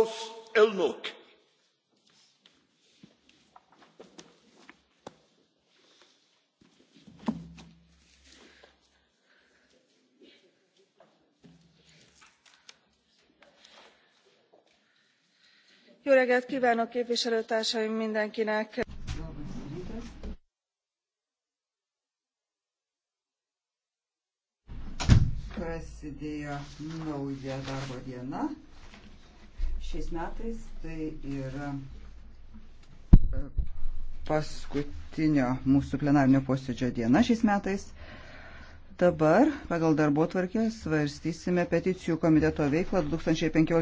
klaus elnök jó reggelt kvánok képviselőtársaim mindenkinek! prasidėjo nauja darbo diena šiais metais. Tai yra e, paskutinio mūsų plenarnio posėdžio diena šiais metais. Dabar pagal darbo tvarkę svarstysime peticijų komiteto veiklą 2015.